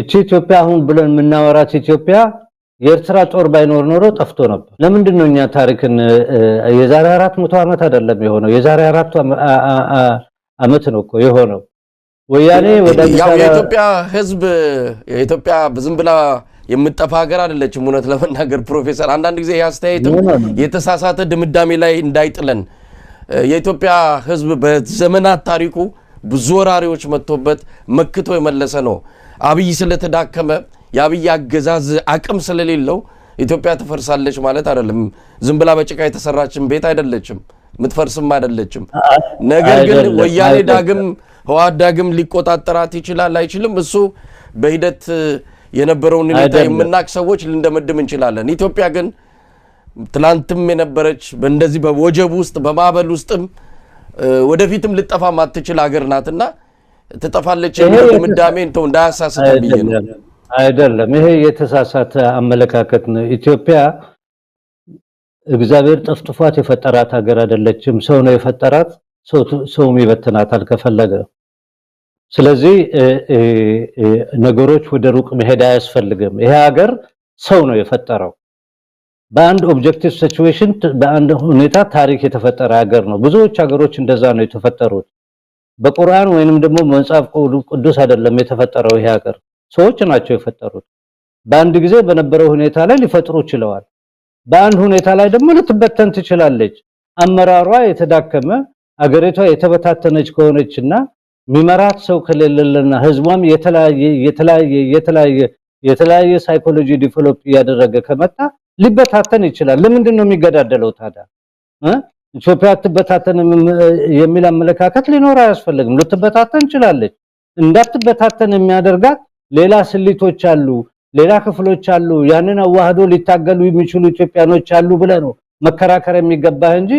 እቺ ኢትዮጵያ አሁን ብለን የምናወራት ኢትዮጵያ የኤርትራ ጦር ባይኖር ኖሮ ጠፍቶ ነበር። ለምንድን ነው እኛ ታሪክን የዛሬ አራት መቶ ዓመት አይደለም የሆነው የዛሬ አራት ዓመት ነው እኮ የሆነው። ወያኔ ወደ የኢትዮጵያ ሕዝብ የኢትዮጵያ ዝም ብላ የምጠፋ ሀገር አይደለችም። እውነት ለመናገር ፕሮፌሰር፣ አንዳንድ ጊዜ ይህ አስተያየትም የተሳሳተ ድምዳሜ ላይ እንዳይጥለን የኢትዮጵያ ህዝብ በዘመናት ታሪኩ ብዙ ወራሪዎች መጥቶበት መክቶ የመለሰ ነው። አብይ ስለተዳከመ የአብይ አገዛዝ አቅም ስለሌለው ኢትዮጵያ ትፈርሳለች ማለት አይደለም። ዝም ብላ በጭቃ የተሰራችን ቤት አይደለችም፣ ምትፈርስም አይደለችም። ነገር ግን ወያኔ ዳግም ህወሓት ዳግም ሊቆጣጠራት ይችላል አይችልም፣ እሱ በሂደት የነበረውን ሁኔታ የምናቅ ሰዎች ልንደመድም እንችላለን። ኢትዮጵያ ግን ትናንትም የነበረች በእንደዚህ በወጀብ ውስጥ በማዕበል ውስጥም ወደፊትም ልጠፋ ማትችል ሀገር ናትና ትጠፋለች የሚል ድምዳሜ እንተው እንዳያሳስተ ብዬ ነው። አይደለም፣ ይሄ የተሳሳተ አመለካከት ነው። ኢትዮጵያ እግዚአብሔር ጠፍጥፏት የፈጠራት ሀገር አይደለችም። ሰው ነው የፈጠራት፣ ሰውም ይበትናታል ከፈለገ። ስለዚህ ነገሮች ወደ ሩቅ መሄድ አያስፈልግም። ይሄ ሀገር ሰው ነው የፈጠረው። በአንድ ኦብጀክቲቭ ሲቹዌሽን፣ በአንድ ሁኔታ ታሪክ የተፈጠረ ሀገር ነው። ብዙዎች ሀገሮች እንደዛ ነው የተፈጠሩት። በቁርአን ወይንም ደግሞ መጽሐፍ ቅዱስ አይደለም የተፈጠረው ይሄ ሀገር፣ ሰዎች ናቸው የፈጠሩት። በአንድ ጊዜ በነበረው ሁኔታ ላይ ሊፈጥሩ ችለዋል። በአንድ ሁኔታ ላይ ደግሞ ልትበተን ትችላለች። አመራሯ የተዳከመ አገሪቷ የተበታተነች ከሆነችና ሚመራት ሰው ከሌለለና ህዝቧም የተለያየ የተለያየ የተለያየ የተለያየ ሳይኮሎጂ ዲቨሎፕ እያደረገ ከመጣ ሊበታተን ይችላል። ለምንድን ነው የሚገዳደለው ታዲያ? ኢትዮጵያ አትበታተንም የሚል አመለካከት ሊኖር አያስፈልግም። ልትበታተን ችላለች። እንዳትበታተን የሚያደርጋት ሌላ ስሊቶች አሉ፣ ሌላ ክፍሎች አሉ። ያንን አዋህዶ ሊታገሉ የሚችሉ ኢትዮጵያኖች አሉ ብለ ነው መከራከር የሚገባህ እንጂ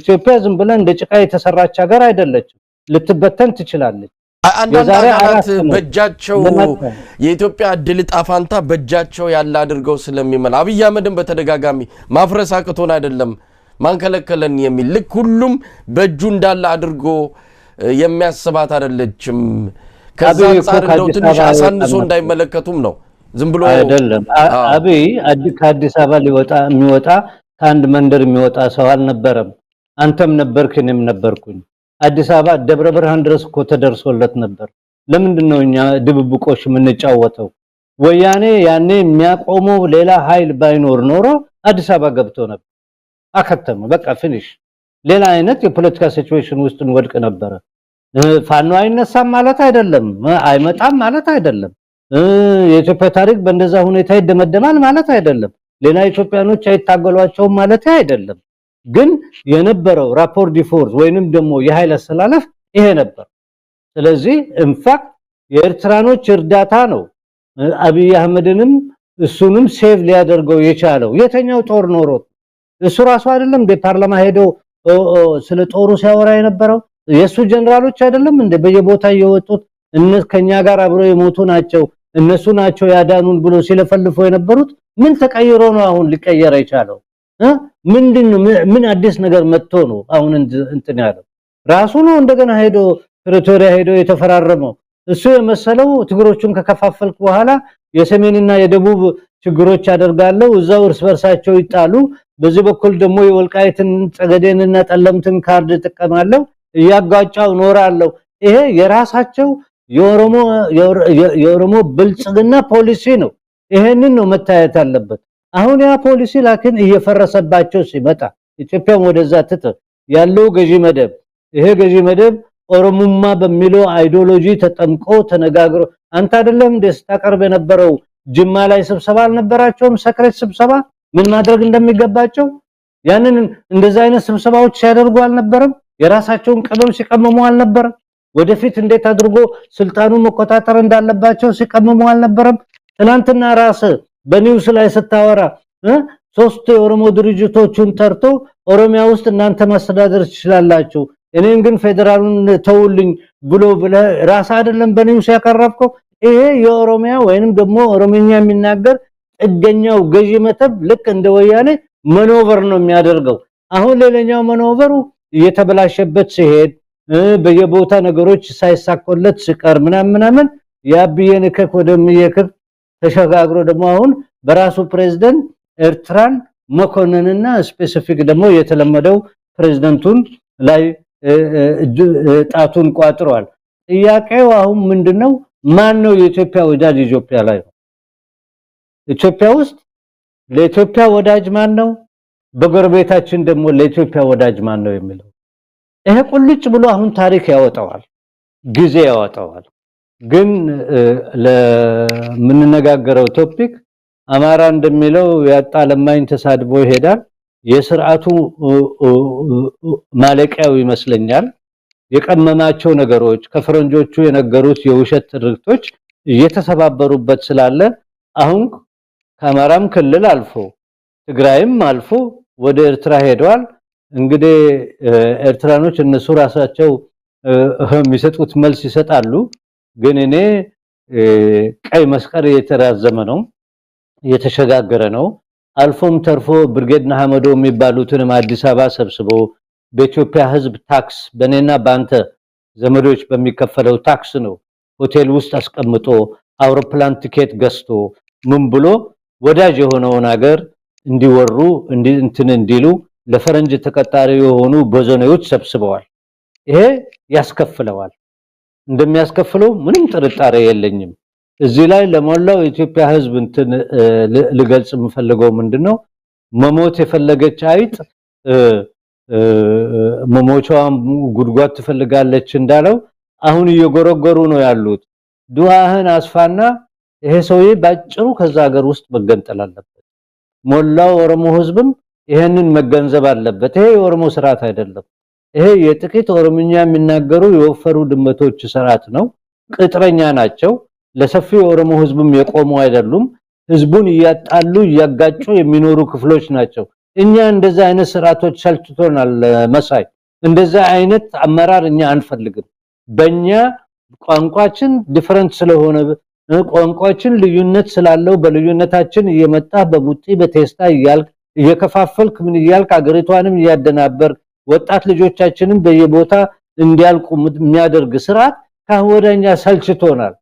ኢትዮጵያ ዝም ብለ እንደ ጭቃ የተሰራች ሀገር አይደለችም። ልትበተን ትችላለች። አንዳንድ አካላት በእጃቸው የኢትዮጵያ እድል ዕጣ ፈንታ በእጃቸው ያለ አድርገው ስለሚመላ አብይ አህመድን በተደጋጋሚ ማፍረስ አቅቶን አይደለም ማንከለከለን የሚል ልክ ሁሉም በእጁ እንዳለ አድርጎ የሚያስባት አደለችም። ከዛ አንጻር እንደው ትንሽ አሳንሶ እንዳይመለከቱም ነው። ዝም ብሎ አይደለም። አብይ ከአዲስ አበባ ሊወጣ የሚወጣ ከአንድ መንደር የሚወጣ ሰው አልነበረም። አንተም ነበርክ፣ እኔም ነበርኩኝ። አዲስ አበባ ደብረ ብርሃን ድረስ እኮ ተደርሶለት ነበር። ለምንድን ነው እኛ ድብብቆሽ የምንጫወተው? ወያኔ ያኔ የሚያቆመው ሌላ ኃይል ባይኖር ኖሮ አዲስ አበባ ገብቶ ነበር። አከተመ። በቃ ፊኒሽ። ሌላ አይነት የፖለቲካ ሲቹዌሽን ውስጥ እንወድቅ ነበረ። ፋኖ አይነሳም ማለት አይደለም፣ አይመጣም ማለት አይደለም። የኢትዮጵያ ታሪክ በእንደዛ ሁኔታ ይደመደማል ማለት አይደለም። ሌላ ኢትዮጵያኖች አይታገሏቸውም ማለት አይደለም። ግን የነበረው ራፖር ዲፎርስ ወይንም ደግሞ የኃይል አሰላለፍ ይሄ ነበር። ስለዚህ ኢንፋክት የኤርትራኖች እርዳታ ነው አብይ አህመድንም እሱንም ሴቭ ሊያደርገው የቻለው። የተኛው ጦር ኖሮት እሱ ራሱ አይደለም እንደ ፓርላማ ሄደው ስለ ጦሩ ሲያወራ የነበረው የሱ ጀነራሎች አይደለም እንደ በየቦታ የወጡት እነሱ ከኛ ጋር አብረው የሞቱ ናቸው እነሱ ናቸው ያዳኑን ብሎ ሲለፈልፎ የነበሩት ምን ተቀይሮ ነው አሁን ሊቀየር የቻለው? ምንድን ምን አዲስ ነገር መጥቶ ነው አሁን እንትን ያለው? ራሱ ነው እንደገና ሄዶ ፕሪቶሪያ ሄዶ የተፈራረመው። እሱ የመሰለው ትግሮቹን ከከፋፈልክ በኋላ የሰሜንና የደቡብ ችግሮች አደርጋለሁ እዛው እርስ በርሳቸው ይጣሉ በዚህ በኩል ደግሞ የወልቃይትን ጸገዴንና ጠለምትን ካርድ ጥቀማለሁ እያጋጫው ኖራለሁ። ይሄ የራሳቸው የኦሮሞ ብልጽግና ፖሊሲ ነው። ይሄንን ነው መታየት አለበት። አሁን ያ ፖሊሲ ላኪን እየፈረሰባቸው ሲመጣ ኢትዮጵያም ወደዛ ትት ያለው ገዢ መደብ ይሄ ገዢ መደብ ኦሮሙማ በሚለው አይዲዮሎጂ ተጠምቆ ተነጋግሮ አንተ አይደለም ደስታ ቀርብ የነበረው ጅማ ላይ ስብሰባ አልነበራቸውም? ሰክሬት ስብሰባ ምን ማድረግ እንደሚገባቸው ያንን እንደዚህ አይነት ስብሰባዎች ሲያደርጉ አልነበረም? የራሳቸውን ቅመም ሲቀመሙ አልነበረም? ወደፊት እንዴት አድርጎ ስልጣኑን መቆጣጠር እንዳለባቸው ሲቀመሙ አልነበረም? ትናንትና ራስ በኒውስ ላይ ስታወራ ሶስት የኦሮሞ ድርጅቶቹን ተርቶ ኦሮሚያ ውስጥ እናንተ ማስተዳደር ትችላላችሁ፣ እኔን ግን ፌዴራሉን ተውልኝ ብሎ ብለ ራስ አይደለም በኒውስ ያቀረብከው። ይሄ የኦሮሚያ ወይንም ደግሞ ኦሮሚኛ የሚናገር ጥገኛው ገዢ መተብ ልክ እንደ ወያኔ መኖቨር ነው የሚያደርገው። አሁን ሌላኛው መኖቨሩ እየተበላሸበት ሲሄድ በየቦታ ነገሮች ሳይሳኮለት ሲቀር ምናምን ምናምን የአብዬ ንክክ ወደ ምየክር ተሸጋግሮ ደግሞ አሁን በራሱ ፕሬዝደንት ኤርትራን መኮንንና ስፔሲፊክ ደግሞ የተለመደው ፕሬዝደንቱን ላይ ጣቱን ቋጥሯል። ጥያቄው አሁን ምንድነው? ማን ነው የኢትዮጵያ ወዳጅ ኢትዮጵያ ላይ ነው? ኢትዮጵያ ውስጥ ለኢትዮጵያ ወዳጅ ማን ነው? በጎረቤታችን ደግሞ ለኢትዮጵያ ወዳጅ ማን ነው የሚለው ይሄ ቁልጭ ብሎ አሁን ታሪክ ያወጣዋል፣ ጊዜ ያወጣዋል። ግን ለምንነጋገረው ቶፒክ አማራ እንደሚለው ያጣ ለማኝ ተሳድቦ ይሄዳል። የስርዓቱ ማለቂያው ይመስለኛል። የቀመማቸው ነገሮች ከፈረንጆቹ የነገሩት የውሸት ትርክቶች እየተሰባበሩበት ስላለ አሁን ከአማራም ክልል አልፎ ትግራይም አልፎ ወደ ኤርትራ ሄደዋል። እንግዲህ ኤርትራኖች እነሱ ራሳቸው የሚሰጡት መልስ ይሰጣሉ። ግን እኔ ቀይ መስቀል እየተራዘመ ነው፣ እየተሸጋገረ ነው። አልፎም ተርፎ ብርጌድ ናሐመዶ የሚባሉትንም አዲስ አበባ ሰብስቦ በኢትዮጵያ ሕዝብ ታክስ በእኔና በአንተ ዘመዶች በሚከፈለው ታክስ ነው ሆቴል ውስጥ አስቀምጦ አውሮፕላን ቲኬት ገዝቶ ምን ብሎ ወዳጅ የሆነውን ሀገር እንዲወሩ እንትን እንዲሉ ለፈረንጅ ተቀጣሪ የሆኑ በዘኔዎች ሰብስበዋል። ይሄ ያስከፍለዋል። እንደሚያስከፍለው ምንም ጥርጣሬ የለኝም። እዚህ ላይ ለሞላው የኢትዮጵያ ሕዝብ እንትን ልገልጽ የምፈልገው ምንድነው መሞት የፈለገች አይጥ መሞቻዋን ጉድጓድ ትፈልጋለች እንዳለው አሁን እየጎረጎሩ ነው ያሉት። ዱዓህን አስፋና ይሄ ሰውዬ ባጭሩ ከዛ ሀገር ውስጥ መገንጠል አለበት። ሞላው ኦሮሞ ህዝብም ይሄንን መገንዘብ አለበት። ይሄ የኦሮሞ ስርዓት አይደለም። ይሄ የጥቂት ኦሮምኛ የሚናገሩ የወፈሩ ድመቶች ስርዓት ነው። ቅጥረኛ ናቸው። ለሰፊው የኦሮሞ ህዝብም የቆሙ አይደሉም። ህዝቡን እያጣሉ እያጋጩ የሚኖሩ ክፍሎች ናቸው። እኛ እንደዛ አይነት ስርዓቶች ሰልችቶናል። መሳይ እንደዛ አይነት አመራር እኛ አንፈልግም። በእኛ ቋንቋችን ዲፈረንት ስለሆነ ቋንቋችን ልዩነት ስላለው በልዩነታችን እየመጣ በቡጢ በቴስታ እያልክ እየከፋፈልክ ምን እያልክ አገሪቷንም እያደናበር ወጣት ልጆቻችንም በየቦታ እንዲያልቁ የሚያደርግ ስርዓት ካወደኛ ሰልችቶናል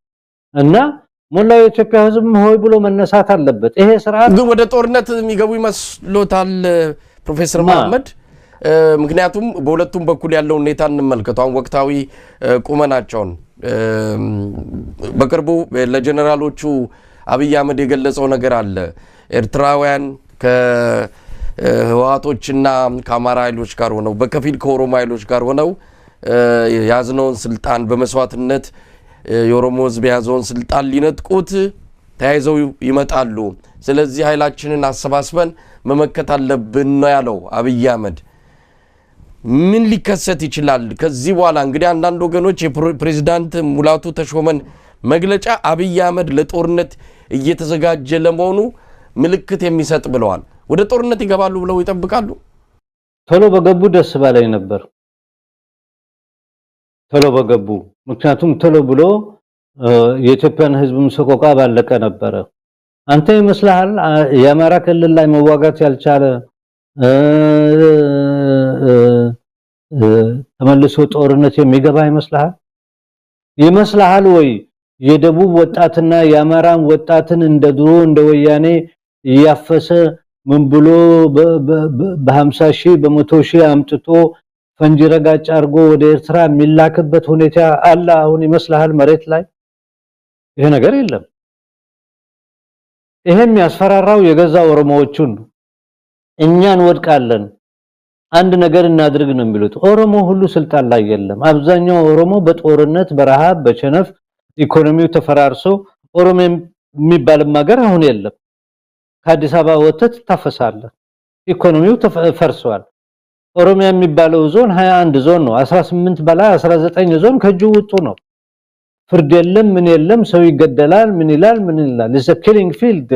እና ሞላው የኢትዮጵያ ሕዝብ ሆይ ብሎ መነሳት አለበት። ይሄ ስርዓት ግን ወደ ጦርነት የሚገቡ ይመስሎታል ፕሮፌሰር መሐመድ? ምክንያቱም በሁለቱም በኩል ያለውን ሁኔታ እንመልከቱ። አሁን ወቅታዊ ቁመናቸውን በቅርቡ ለጀነራሎቹ አብይ አህመድ የገለጸው ነገር አለ። ኤርትራውያን ከህወሓቶችና ከአማራ ኃይሎች ጋር ሆነው በከፊል ከኦሮሞ ኃይሎች ጋር ሆነው የያዝነውን ስልጣን በመስዋዕትነት የኦሮሞ ህዝብ የያዘውን ስልጣን ሊነጥቁት ተያይዘው ይመጣሉ። ስለዚህ ኃይላችንን አሰባስበን መመከት አለብን ነው ያለው አብይ አህመድ። ምን ሊከሰት ይችላል? ከዚህ በኋላ እንግዲህ አንዳንድ ወገኖች የፕሬዚዳንት ሙላቱ ተሾመን መግለጫ አብይ አህመድ ለጦርነት እየተዘጋጀ ለመሆኑ ምልክት የሚሰጥ ብለዋል። ወደ ጦርነት ይገባሉ ብለው ይጠብቃሉ? ቶሎ በገቡ ደስ ባላይ ነበር። ቶሎ በገቡ ምክንያቱም ቶሎ ብሎ የኢትዮጵያን ሕዝብም ሰቆቃ ባለቀ ነበረ። አንተ ይመስልሃል የአማራ ክልል ላይ መዋጋት ያልቻለ ተመልሶ ጦርነት የሚገባ ይመስልሃል? ይመስልሃል ወይ የደቡብ ወጣትና የአማራን ወጣትን እንደ ድሮ እንደ ወያኔ እያፈሰ ምን ብሎ በ50 ሺህ በመቶ ሺህ አምጥቶ ፈንጂ ረጋጭ አድርጎ ወደ ኤርትራ የሚላክበት ሁኔታ አለ አሁን ይመስልሃል? መሬት ላይ ይሄ ነገር የለም። ይሄም ያስፈራራው የገዛ ኦሮሞዎቹን እኛን ወድቃለን አንድ ነገር እናድርግ ነው የሚሉት። ኦሮሞ ሁሉ ስልጣን ላይ የለም። አብዛኛው ኦሮሞ በጦርነት በረሃብ በቸነፍ ኢኮኖሚው ተፈራርሶ ኦሮሞ የሚባልም ሀገር አሁን የለም። ከአዲስ አበባ ወተት ትታፈሳለህ። ኢኮኖሚው ፈርሷል። ኦሮሚያ የሚባለው ዞን 21 ዞን ነው። 18 በላይ 19 ዞን ከእጁ ውጡ ነው። ፍርድ የለም፣ ምን የለም። ሰው ይገደላል፣ ምን ይላል፣ ምን ይላል። ኪሊንግ ፊልድ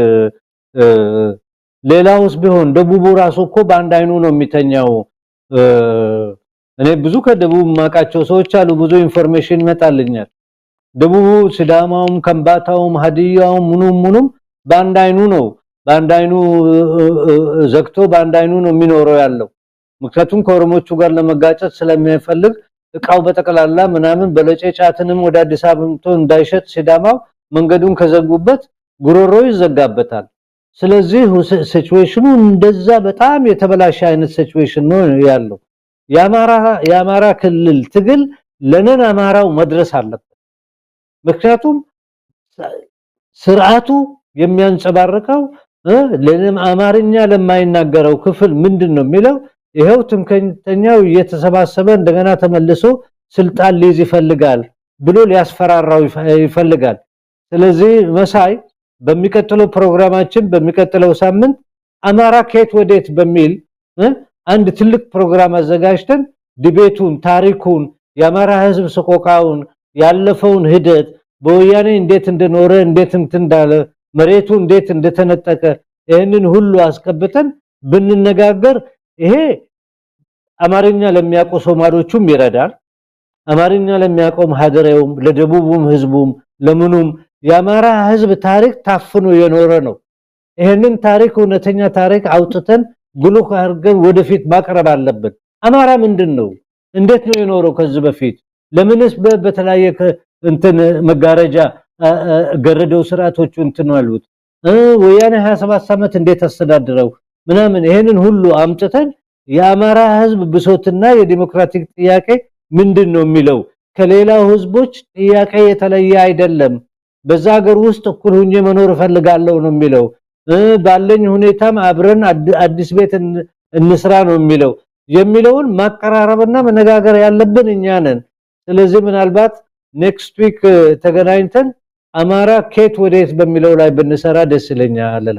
ሌላውስ ቢሆን ደቡቡ ራሱ እኮ በአንድ አይኑ ነው የሚተኛው። እኔ ብዙ ከደቡብ ማቃቸው ሰዎች አሉ። ብዙ ኢንፎርሜሽን ይመጣልኛል። ደቡቡ ሲዳማውም፣ ከምባታውም፣ ሀዲያውም ምኑም ምኑም በአንድ አይኑ ነው በአንድ አይኑ ዘግቶ በአንድ አይኑ ነው የሚኖረው ያለው። ምክንያቱም ከኦሮሞቹ ጋር ለመጋጨት ስለሚፈልግ እቃው በጠቅላላ ምናምን በለጨ ጫትንም ወደ አዲስ አበባ እንዳይሸጥ ሲዳማው መንገዱን ከዘጉበት ጉሮሮ ይዘጋበታል። ስለዚህ ሲቹዌሽኑ እንደዛ በጣም የተበላሸ አይነት ሲቹዌሽን ነው ያለው። የአማራ ክልል ትግል ለነን አማራው መድረስ አለበት። ምክንያቱም ስርዓቱ የሚያንጸባርቀው ለነም አማርኛ ለማይናገረው ክፍል ምንድን ነው የሚለው ይሄው ትምክህተኛው እየተሰባሰበ እንደገና ተመልሶ ስልጣን ሊይዝ ይፈልጋል ብሎ ሊያስፈራራው ይፈልጋል። ስለዚህ መሳይ በሚቀጥለው ፕሮግራማችን በሚቀጥለው ሳምንት አማራ ከየት ወዴት በሚል አንድ ትልቅ ፕሮግራም አዘጋጅተን ዲቤቱን፣ ታሪኩን፣ የአማራ ህዝብ ሰቆቃውን፣ ያለፈውን ሂደት በወያኔ እንዴት እንደኖረ እንዴት እንዳለ መሬቱ እንዴት እንደተነጠቀ ይህንን ሁሉ አስቀብተን ብንነጋገር ይሄ አማርኛ ለሚያውቁ ሶማሎቹም ይረዳል። አማርኛ ለሚያውቀውም ሀገሬውም ለደቡቡም ህዝቡም ለምኑም የአማራ ህዝብ ታሪክ ታፍኖ የኖረ ነው። ይህንን ታሪክ እውነተኛ ታሪክ አውጥተን ጉልህ አድርገን ወደፊት ማቅረብ አለብን። አማራ ምንድን ነው? እንዴት ነው የኖረው? ከዚህ በፊት ለምንስ በተለያየ እንትን መጋረጃ ገረደው ስርዓቶቹ እንትን አሉት። ወያኔ 27 ዓመት እንዴት አስተዳድረው ምናምን ይሄንን ሁሉ አምጥተን የአማራ ህዝብ ብሶትና የዲሞክራቲክ ጥያቄ ምንድን ነው የሚለው ከሌላው ህዝቦች ጥያቄ የተለየ አይደለም። በዛ ሀገር ውስጥ እኩል ሁኜ መኖር እፈልጋለሁ ነው የሚለው። ባለኝ ሁኔታም አብረን አዲስ ቤት እንስራ ነው የሚለው የሚለውን ማቀራረብና መነጋገር ያለብን እኛ ነን። ስለዚህ ምናልባት ኔክስት ዊክ ተገናኝተን አማራ ኬት ወዴት በሚለው ላይ ብንሰራ ደስ ይለኛል።